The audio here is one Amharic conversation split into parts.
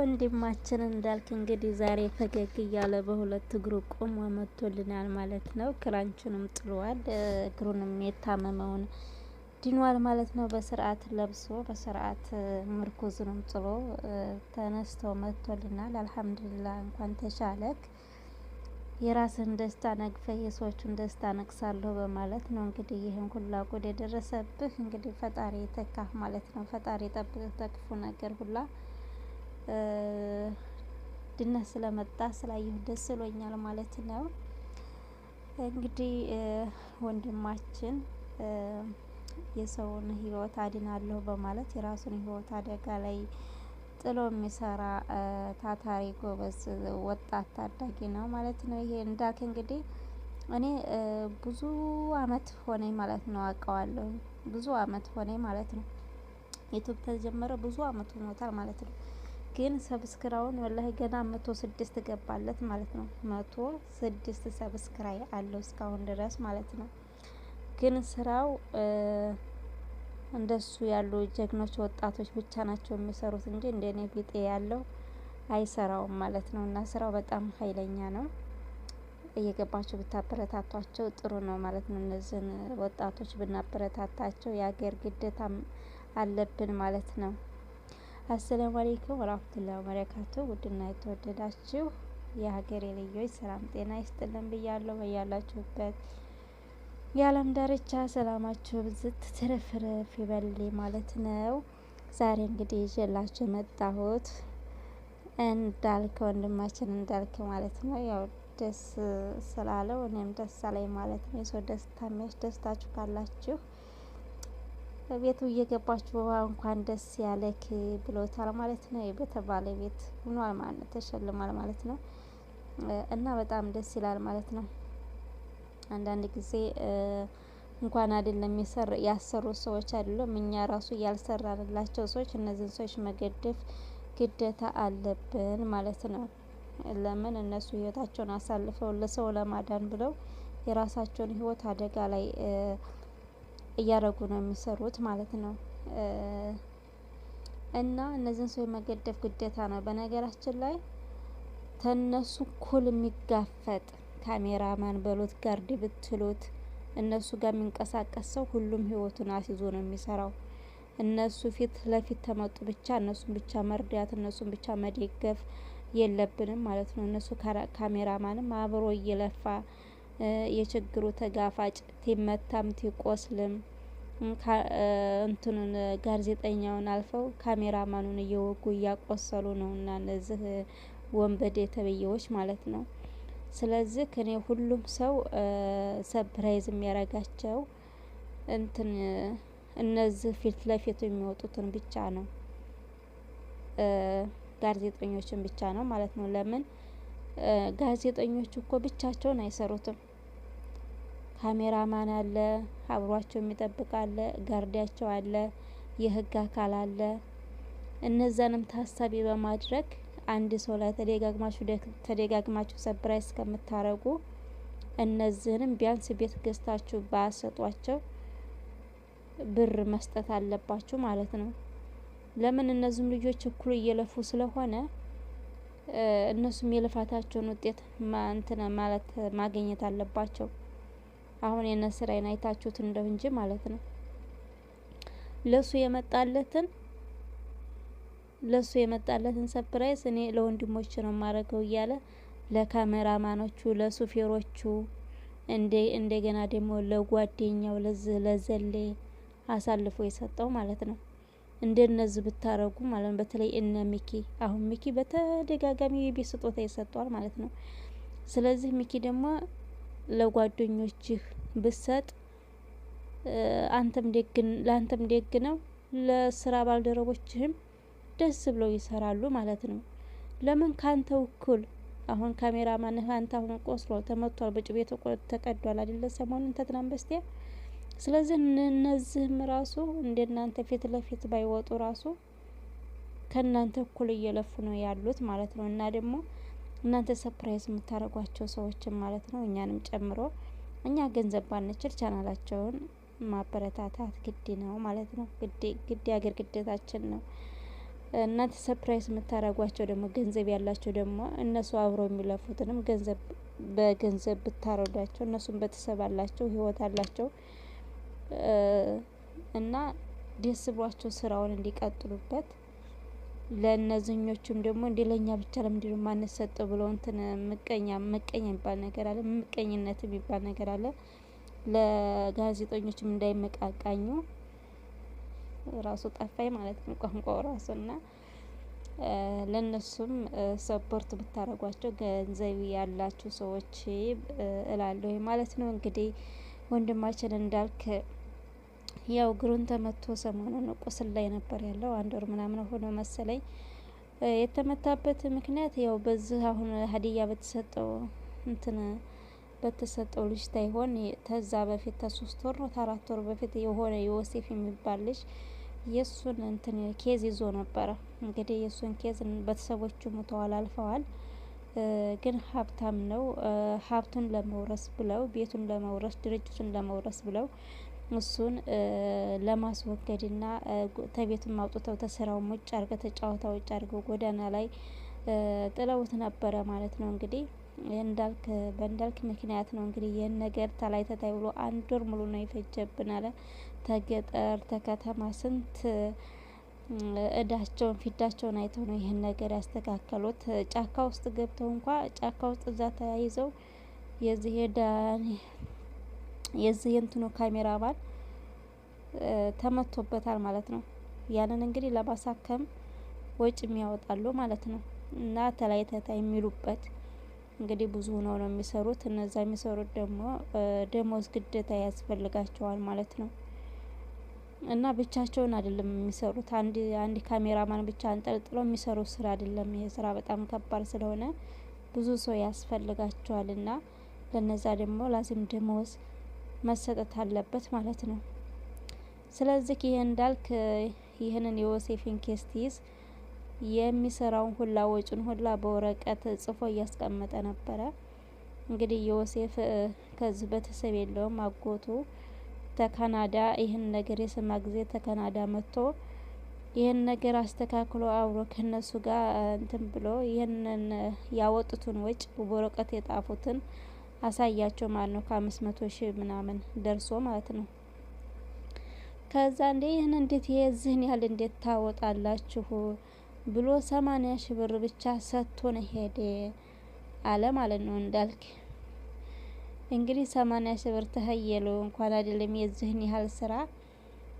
ወንድማችን እንዳልክ እንግዲህ ዛሬ ፈገግ እያለ በሁለት እግሩ ቆሞ መጥቶልናል ማለት ነው። ክራንቹንም ጥሏል፣ እግሩንም የታመመውን ድኗል ማለት ነው። በስርዓት ለብሶ በስርዓት ምርኩዝንም ጥሎ ተነስቶ መጥቶልናል። አልሐምዱሊላ እንኳን ተሻለክ። የራስህን ደስታ ነግፈ የሰዎቹን ደስታ ነቅሳለሁ በማለት ነው እንግዲህ ይህን ሁላ ጉድ የደረሰብህ። እንግዲህ ፈጣሪ ተካህ ማለት ነው። ፈጣሪ ጠብቅህ ተክፉ ነገር ሁላ ድነት ስለመጣ ስላየሁ ደስ ብሎኛል ማለት ነው። እንግዲህ ወንድማችን የሰውን ህይወት አድናለሁ በማለት የራሱን ህይወት አደጋ ላይ ጥሎ የሚሰራ ታታሪ ጎበዝ ወጣት ታዳጊ ነው ማለት ነው። ይሄ እንዳልክ እንግዲህ እኔ ብዙ አመት ሆነኝ ማለት ነው አውቀዋለሁ። ብዙ አመት ሆነኝ ማለት ነው። ዩቱብ ተጀመረ ብዙ አመት ሆኖታል ማለት ነው። ግን ሰብስክራውን ወላሂ ገና መቶ ስድስት ገባለት ማለት ነው። መቶ ስድስት ሰብስክራይ አለው እስካሁን ድረስ ማለት ነው። ግን ስራው እንደሱ ያሉ ጀግኖች ወጣቶች ብቻ ናቸው የሚሰሩት እንጂ እንደኔ ቢጤ ያለው አይሰራውም ማለት ነው። እና ስራው በጣም ኃይለኛ ነው። እየገባቸው ብታበረታቷቸው ጥሩ ነው ማለት ነው። እነዚህን ወጣቶች ብናበረታታቸው የሀገር ግዴታም አለብን ማለት ነው። አሰላሙ አሌይኩም ወራህመቱላሂ ወበረካቱ። ውድና የተወደዳችሁ የሀገሬ ልጆች ሰላም ጤና ይስጥልን ብያለሁ። በያላችሁበት የዓለም ዳርቻ ሰላማችሁ ብዝት ትርፍርፍ ይበል ማለት ነው። ዛሬ እንግዲህ ይዤላችሁ የመጣሁት እንዳልከ ወንድማችን እንዳልከ ማለት ነው ያው ደስ ስላለው እኔም ደስ አለኝ ማለት ነው። የሰው ደስታ የሚያስደስታችሁ ካላችሁ ቤቱ እየገባችሁ እንኳን ደስ ያለክ ብሎታል ማለት ነው። በተባለ ቤት ሆኗል ማለት ነው። ተሸልሟል ማለት ነው። እና በጣም ደስ ይላል ማለት ነው። አንዳንድ ጊዜ እንኳን አይደለም ያሰሩ ሰዎች አይደለም እኛ ራሱ ያልሰራንላቸው ሰዎች እነዚህን ሰዎች መገደፍ ግዴታ አለብን ማለት ነው። ለምን እነሱ ህይወታቸውን አሳልፈው ለሰው ለማዳን ብለው የራሳቸውን ህይወት አደጋ ላይ እያደረጉ ነው የሚሰሩት ማለት ነው። እና እነዚህን ሰው የመገደፍ ግዴታ ነው። በነገራችን ላይ ተነሱ እኩል የሚጋፈጥ ካሜራማን በሎት ጋርድ ብትሉት እነሱ ጋር የሚንቀሳቀስ ሰው ሁሉም ህይወቱን አስይዞ ነው የሚሰራው። እነሱ ፊት ለፊት ተመጡ ብቻ እነሱን ብቻ መርዳት እነሱን ብቻ መደገፍ የለብንም ማለት ነው። እነሱ ካሜራማንም አብሮ እየለፋ የችግሩ ተጋፋጭ ቲመታም ቲቆስልም እንትኑን ጋዜጠኛውን አልፈው ካሜራማኑን እየወጉ እያቆሰሉ ነው እና እነዚህ ወንበዴ ተብዬዎች ማለት ነው። ስለዚህ ከኔ ሁሉም ሰው ሰፕራይዝ የሚያረጋቸው እንትን እነዚህ ፊት ለፊቱ የሚወጡትን ብቻ ነው ጋዜጠኞችን ብቻ ነው ማለት ነው። ለምን ጋዜጠኞች እኮ ብቻቸውን አይሰሩትም። ካሜራማን አለ፣ አብሯቸው የሚጠብቅ አለ፣ ጋርዲያቸው አለ፣ የህግ አካል አለ። እነዛንም ታሳቢ በማድረግ አንድ ሰው ላይ ተደጋግማችሁ ተደጋግማችሁ ሰብራይ እስከምታረጉ እነዚህንም ቢያንስ ቤት ገዝታችሁ ባሰጧቸው ብር መስጠት አለባችሁ ማለት ነው። ለምን እነዚህም ልጆች እኩል እየለፉ ስለሆነ እነሱም የልፋታቸውን ውጤት እንትን ማለት ማግኘት አለባቸው። አሁን የእነ ስራዬን አይታችሁት እንደው እንጂ ማለት ነው ለሱ የመጣለትን ለሱ የመጣለትን ሰፕራይዝ እኔ ለወንድሞች ነው ማረገው እያለ ለካሜራማኖቹ ለሱፌሮቹ እንደገና ደግሞ ለጓደኛው ለዚህ ለዘሌ አሳልፎ የሰጠው ማለት ነው። እንደነዚህ ብታረጉ ማለት ነው። በተለይ እነ ሚኪ አሁን ሚኪ በተደጋጋሚ የቤት ስጦታ ይሰጠዋል ማለት ነው። ስለዚህ ሚኪ ደግሞ ለጓደኞችህ ብሰጥ አንተም ደግ ለአንተም ደግ ነው፣ ለስራ ባልደረቦችህም ደስ ብለው ይሰራሉ ማለት ነው። ለምን ካንተ እኩል አሁን ካሜራ ማንህ አንተ አሁን ቆስሎ ተመቷል፣ በጩቤ ተቀዷል አይደለ? ሰሞኑን ተትናን በስቲያ። ስለዚህ እነዚህም ራሱ እንደናንተ ፊት ለፊት ባይወጡ ራሱ ከእናንተ እኩል እየለፉ ነው ያሉት ማለት ነው እና ደግሞ እናንተ ሰፕራይዝ የምታደርጓቸው ሰዎችን ማለት ነው፣ እኛንም ጨምሮ። እኛ ገንዘብ ባንችል ቻናላቸውን ማበረታታት ግድ ነው ማለት ነው። ግድ የሀገር ግዴታችን ነው። እናንተ ሰፕራይዝ የምታደርጓቸው ደግሞ ገንዘብ ያላቸው ደግሞ እነሱ አብረው የሚለፉትንም ገንዘብ በገንዘብ ብታረዷቸው እነሱም ቤተሰብ አላቸው፣ ህይወት አላቸው እና ደስ ብሏቸው ስራውን እንዲቀጥሉበት ለእነዚህኞቹም ደግሞ እንዲ ለእኛ ብቻ ለምንድን ነው ማንሰጠው ብለው እንትን ምቀኛ መቀኛ የሚባል ነገር አለ። ምቀኝነት የሚባል ነገር አለ። ለጋዜጠኞችም እንዳይመቃቃኙ ራሱ ጠፋኝ ማለት ነው ቋንቋው ራሱ እና ለእነሱም ሰፖርት ብታደረጓቸው ገንዘብ ያላችሁ ሰዎች እላለሁ ማለት ነው። እንግዲህ ወንድማችን እንዳልክ ያው እግሩን ተመቶ ሰሞኑን ቁስል ላይ ነበር ያለው። አንድ ወር ምናምን ሆኖ መሰለኝ የተመታበት ምክንያት ያው በዚህ አሁን ሀዲያ በተሰጠው እንትን በተሰጠው ልጅ ታይሆን ተዛ በፊት ተሶስት ወር ነው ተአራት ወር በፊት የሆነ ዮሴፍ የሚባል ልጅ የእሱን እንትን ኬዝ ይዞ ነበረ። እንግዲህ የእሱን ኬዝ ቤተሰቦቹ ሙተዋል፣ አልፈዋል። ግን ሀብታም ነው። ሀብቱን ለመውረስ ብለው ቤቱን ለመውረስ ድርጅቱን ለመውረስ ብለው እሱን ለማስወገድና ተቤቱም አውጥተው ተስራውም ውጭ አርገ ተጫወታ ውጭ አርገው ጎዳና ላይ ጥለውት ነበረ ማለት ነው። እንግዲህ እንዳልክ በእንዳልክ ምክንያት ነው እንግዲህ ይህን ነገር ታላይ ተታይ ብሎ አንድ ወር ሙሉ ነው የፈጀብን አለ። ተገጠር ተከተማ ስንት እዳቸውን ፊዳቸውን አይተው ነው ይህን ነገር ያስተካከሉት። ጫካ ውስጥ ገብተው እንኳ ጫካ ውስጥ እዛ ተያይዘው የዚህ የዚህ ካሜራ ባል ተመቶበታል ማለት ነው። ያንን እንግዲህ ለማሳከም ወጭ የሚያወጣሉ ማለት ነው እና ተለያይተታ የሚሉበት እንግዲህ ብዙ ሆነው ነው የሚሰሩት። እነዛ የሚሰሩት ደግሞ ደሞዝ ግዴታ ያስፈልጋቸዋል ማለት ነው እና ብቻቸውን አይደለም የሚሰሩት። አንድ አንድ ካሜራማን ብቻ አንጠልጥለው የሚሰሩ ስራ አይደለም። ይሄ ስራ በጣም ከባድ ስለሆነ ብዙ ሰው ያስፈልጋቸዋል እና ለነዛ ደግሞ ላዚም ደሞዝ መሰጠት አለበት ማለት ነው። ስለዚህ ይህ እንዳልክ ይህንን የወሴፍን ኬስ ትይዝ የሚሰራውን ሁላ ወጪን ሁላ በወረቀት ጽፎ እያስቀመጠ ነበረ። እንግዲህ ዮሴፍ ከዚህ ቤተሰብ የለውም። አጎቱ ተካናዳ ይህን ነገር የሰማ ጊዜ ተካናዳ መጥቶ ይህን ነገር አስተካክሎ አብሮ ከነሱ ጋር እንትን ብሎ ይህንን ያወጡትን ወጭ በወረቀት የጣፉትን አሳያቸው ማለት ነው። ከአምስት መቶ ሺህ ምናምን ደርሶ ማለት ነው። ከዛ እንዴ ይህን እንዴት የዚህን ያህል እንዴት ታወጣላችሁ ብሎ ሰማንያ ሺህ ብር ብቻ ነው ሄደ አለ ማለት ነው። እንዳልክ እንግዲህ ሰማንያ ሺህ ብር ተሀየሉ እንኳን አይደለም የዚህን ያህል ስራ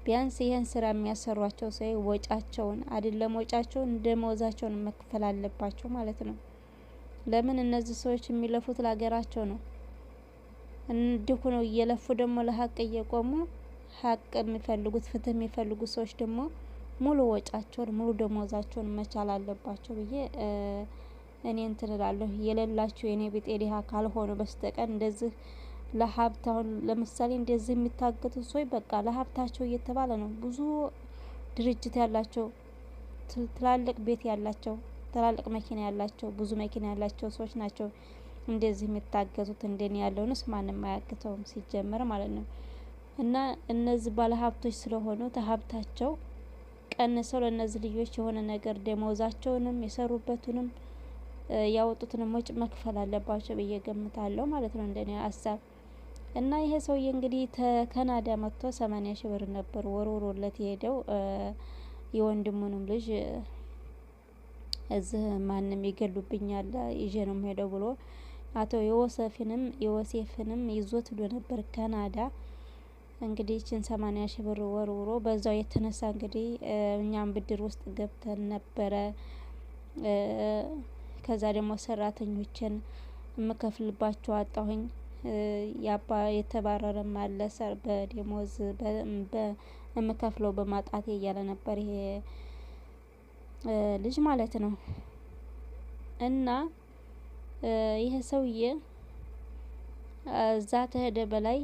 ቢያንስ ይህን ስራ የሚያሰሯቸው ሰው ወጫቸውን አይደለም ወጫቸውን ደመወዛቸውን መክፈል አለባቸው ማለት ነው። ለምን እነዚህ ሰዎች የሚለፉት ለሀገራቸው ነው። እንዲሁ ነው እየለፉ ደግሞ ለሀቅ እየቆሙ ሀቅ የሚፈልጉት ፍትህ የሚፈልጉ ሰዎች ደግሞ ሙሉ ወጫቸውን ሙሉ ደሞዛቸውን መቻል አለባቸው ብዬ እኔ እንትን እላለሁ። የሌላቸው የኔ ቤት ኤዲሃ ካልሆኑ በስተቀር እንደዚህ ለሀብት አሁን ለምሳሌ እንደዚህ የሚታገቱ ሰዎች በቃ ለሀብታቸው እየተባለ ነው። ብዙ ድርጅት ያላቸው ትላልቅ ቤት ያላቸው ትላልቅ መኪና ያላቸው ብዙ መኪና ያላቸው ሰዎች ናቸው እንደዚህ የሚታገዙት እንደኔ ያለውንስ ማንም አያግተውም ሲጀመር ማለት ነው። እና እነዚህ ባለሀብቶች ስለሆኑ ተሀብታቸው ቀንሰው ለእነዚህ ልጆች የሆነ ነገር ደመወዛቸውንም የሰሩበትንም ያወጡትንም ወጭ መክፈል አለባቸው ብዬ ገምታለሁ ማለት ነው እንደኔ ሀሳብ። እና ይሄ ሰውዬ እንግዲህ ከካናዳ መጥቶ ሰማኒያ ሺ ብር ነበር ወርውሮለት የሄደው የወንድሙንም ልጅ እዚህ ማንም ይገሉብኛል ይዤ ነው የምሄደው ብሎ አቶ ዮሴፍንም ዮሴፍንም ይዞት ሄዶ ነበር ካናዳ። እንግዲህ ይችን 80 ሺህ ብር ወርውሮ በዛው የተነሳ እንግዲህ እኛም ብድር ውስጥ ገብተን ነበረ። ከዛ ደግሞ ሰራተኞችን የምከፍልባቸው አጣሁኝ። ያባ የተባረረም አለ ሰር በደሞዝ የምከፍለው በማጣቴ እያለ ነበር ይሄ ልጅ ማለት ነው እና ይሄ ሰውዬ እዛ ተሄደ በላይ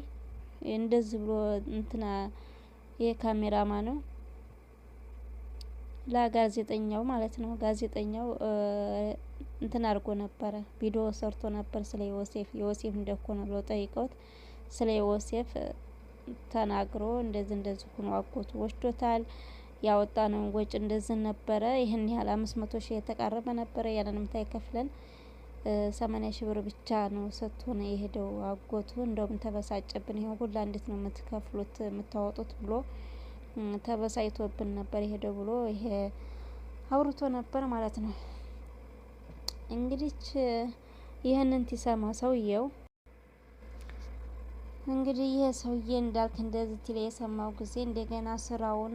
እንደዚህ ብሎ እንትና ይሄ ነው ለጋዜጠኛው ማለት ነው። ጋዜጠኛው እንትን አድርጎ ነበረ ቪዲዮ ሰርቶ ነበር ስለ ዮሴፍ ዮሴፍ እንደኮነ ብሎ ጠይቀውት ስለ ዮሴፍ ተናግሮ እንደዚህ እንደዚህ ሆኖ አጎቱ ወስዶታል። ያወጣነውን ወጪ እንደዚህ ነበረ። ይህን ያህል አምስት መቶ ሺህ የተቃረበ ነበረ። ያንንም ታይከፍለን ሰማንያ ሺህ ብር ብቻ ነው ሰጥቶ ነው የሄደው አጎቱ። እንደውም ተበሳጨብን። ይኸው ሁላ እንዴት ነው የምትከፍሉት የምታወጡት ብሎ ተበሳይቶብን ነበር የሄደው ብሎ ይሄ አውርቶ ነበር ማለት ነው። እንግዲህ ይህንን ሲሰማ ሰውየው እንግዲህ ይሄ ሰውዬ እንዳልክ እንደዚህ ሲል የሰማው ጊዜ እንደገና ስራውን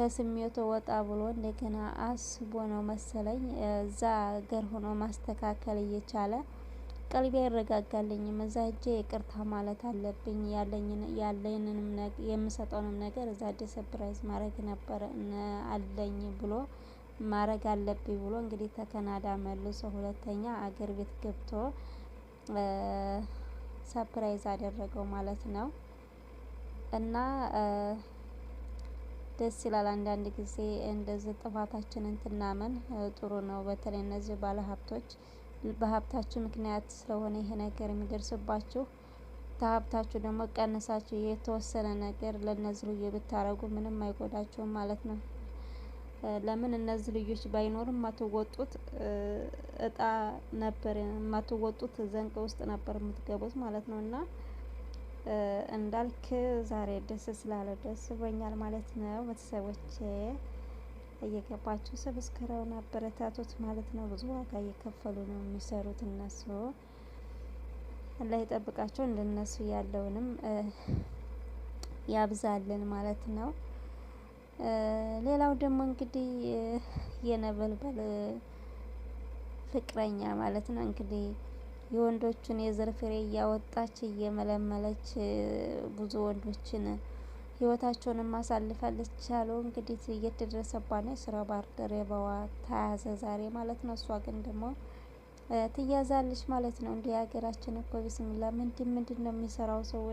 ከስሜቱ ወጣ ብሎ እንደገና አስቦ ነው መሰለኝ እዛ ሀገር ሆኖ ማስተካከል እየቻለ ቀልቤ አይረጋጋልኝም፣ እዛ እጄ ይቅርታ ማለት አለብኝ ያለንንም የምሰጠውንም ነገር እዛ እጄ ሰፕራይዝ ማድረግ ነበረ አለኝ ብሎ ማድረግ አለብኝ ብሎ እንግዲህ ተከናዳ መልሶ ሁለተኛ አገር ቤት ገብቶ ሰፕራይዝ አደረገው ማለት ነው እና ደስ ይላል። አንዳንድ ጊዜ እንደዚህ ጥፋታችንን ትናመን ጥሩ ነው። በተለይ እነዚህ ባለሀብቶች በሀብታችሁ ምክንያት ስለሆነ ይሄ ነገር የሚደርስባችሁ ከሀብታችሁ ደግሞ ቀንሳችሁ የተወሰነ ነገር ለእነዚህ ልዩ ብታረጉ ምንም አይጎዳችሁም ማለት ነው። ለምን እነዚህ ልጆች ባይኖር የማትወጡት እጣ ነበር፣ የማትወጡት ዘንቅ ውስጥ ነበር የምትገቡት ማለት ነው እና እንዳልክ ዛሬ ደስ ስላለ ደስ ብሎኛል ማለት ነው። ቤተሰቦቼ እየገባችሁ ሰብስክራውን አበረታቶት ማለት ነው። ብዙ ዋጋ እየከፈሉ ነው የሚሰሩት እነሱ። አላህ ይጠብቃቸው። እንደነሱ ያለውንም ያብዛልን ማለት ነው። ሌላው ደግሞ እንግዲህ የነበልበል ፍቅረኛ ማለት ነው እንግዲህ የወንዶችን የዘር ፍሬ እያወጣች እየመለመለች ብዙ ወንዶችን ህይወታቸውን ማሳልፋለች አሉ። እንግዲህ እየተደረሰባ ነው። የስራ ባልደረባዋ ተያዘ ዛሬ ማለት ነው። እሷ ግን ደግሞ ትያዛለች ማለት ነው። እንዲህ ሀገራችን እኮ ቢስሚላ ምንድን ምንድን ነው የሚሰራው ሰው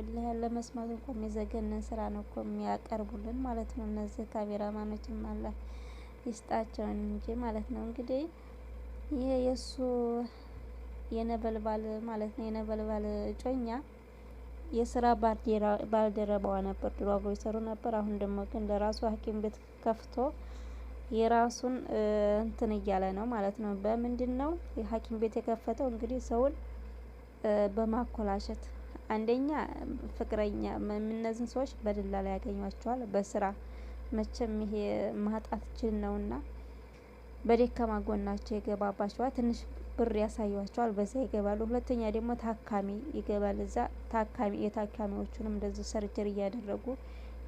ለመስማት እንኳ የሚዘገንን ስራ ነው እኮ የሚያቀርቡልን ማለት ነው። እነዚህ ካሜራማኖችም አላ ይስጣቸውን እንጂ ማለት ነው። እንግዲህ ይሄ የእሱ የነበልባል ማለት ነው። የነበልባል እጮኛ የስራ ባልደረባዋ ነበር። ድሮ አብሮ ይሰሩ ነበር። አሁን ደግሞ ግን ለራሱ ሐኪም ቤት ከፍቶ የራሱን እንትን እያለ ነው ማለት ነው። በምንድን ነው የሐኪም ቤት የከፈተው? እንግዲህ ሰውን በማኮላሸት አንደኛ ፍቅረኛ እነዚህን ሰዎች በድላ ላይ ያገኟቸዋል። በስራ መቼም ይሄ ማጣት ችል ነውና በደካማ ጎናቸው የገባባቸዋል። ትንሽ ብር ያሳያቸዋል፣ በዛ ይገባሉ። ሁለተኛ ደግሞ ታካሚ ይገባል እዛ ታካሚ የታካሚዎቹንም እንደዚህ ሰርጀሪ እያደረጉ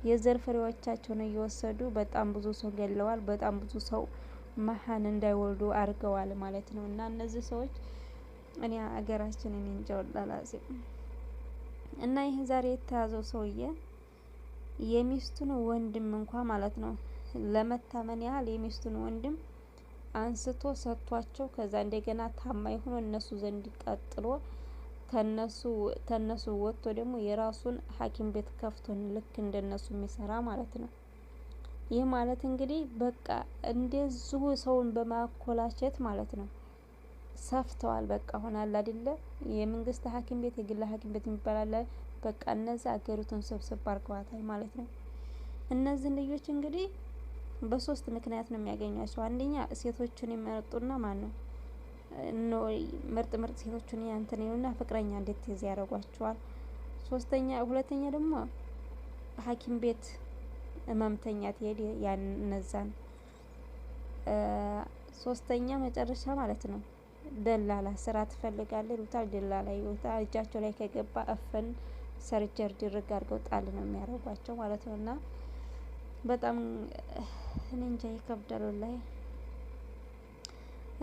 የዘር ፍሬዎቻቸውን እየወሰዱ በጣም ብዙ ሰው ገለዋል። በጣም ብዙ ሰው መሀን እንዳይወልዱ አድርገዋል ማለት ነው። እና እነዚህ ሰዎች እኔ ሀገራችን እንጀወላላሴ እና ይህ ዛሬ የተያዘው ሰውዬ የሚስቱን ወንድም እንኳ ማለት ነው ለመታመን ያህል የሚስቱን ወንድም አንስቶ ሰጥቷቸው ከዛ እንደገና ታማኝ ሆኖ እነሱ ዘንድ ቀጥሎ ተነሱ ተነሱ ወጥቶ ደግሞ የራሱን ሐኪም ቤት ከፍቶን ልክ እንደነሱ የሚሰራ ማለት ነው። ይህ ማለት እንግዲህ በቃ እንደዚሁ ሰውን በማኮላቸት ማለት ነው። ሰፍተዋል። በቃ ሆናል አይደለ? የመንግስት ሐኪም ቤት የግል ሐኪም ቤት የሚባላል። በቃ እነዚህ አገሪቱን ሰብሰብ አድርገዋታል ማለት ነው። እነዚህ ልጆች እንግዲህ በሶስት ምክንያት ነው የሚያገኟቸው። አንደኛ ሴቶችን የመርጡና ማን ነው ምርጥ ምርጥ ሴቶችን ያንተን ይሉና ፍቅረኛ እንዴት ትይዝ ያደርጓቸዋል። ሶስተኛ ሁለተኛ ደግሞ ሐኪም ቤት ህመምተኛ ትሄድ ያነዛን። ሶስተኛ መጨረሻ ማለት ነው ደላላ ስራ ትፈልጋለህ ይሉታል። ደላላ ይሉታል። እጃቸው ላይ ከገባ እፍን ሰርጀር ድርግ አድርገው ጣል ነው የሚያደርጓቸው ማለት ነው እና በጣም እኔ እንጃ ይከብዳል ላይ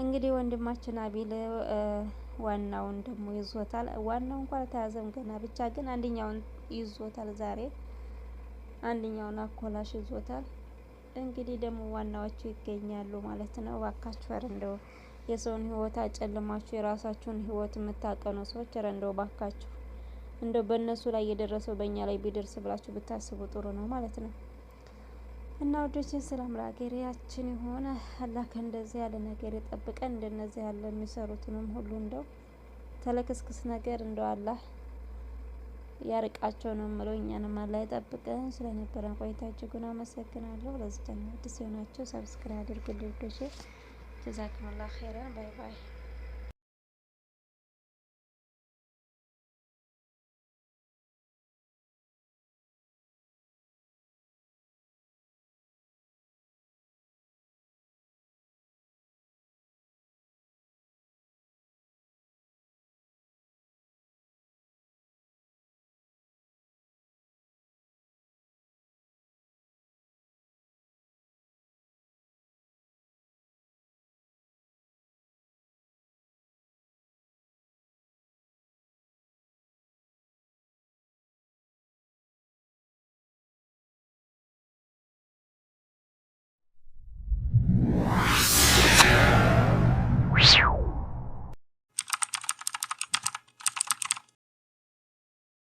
እንግዲህ ወንድማችን አቢል ዋናውን ደግሞ ይዞታል። ዋናው እንኳን ተያዘም ገና ብቻ ግን አንደኛውን ይዞታል። ዛሬ አንደኛውን አኮላሽ ይዞታል። እንግዲህ ደግሞ ዋናዎቹ ይገኛሉ ማለት ነው። እባካችሁ ኧረ እንደው የሰውን ህይወት አጨልማችሁ የራሳችሁን ህይወት የምታቀኑ ሰዎች ኧረ እንደው እባካችሁ እንደው በእነሱ ላይ የደረሰው በእኛ ላይ ቢደርስ ብላችሁ ብታስቡ ጥሩ ነው ማለት ነው። እና ወዶችን ሰላም ለአገሬያችን የሆነ አላህ ከእንደዚህ ያለ ነገር ይጠብቀን። እንደነዚህ ያለ የሚሰሩትንም ሁሉ እንደው ተለክስክስ ነገር እንደው አላህ ያርቃቸው ነው የምለው። እኛንም አላህ ይጠብቀን። ስለነበረን ቆይታ እጅጉን አመሰግናለሁ። ለዚህ ቻናል አዲስ የሆናችሁ ሰብስክራይብ አድርጉልኝ። ዶሼ ጀዛኩሙላህ ኸይራን። ባይ ባይ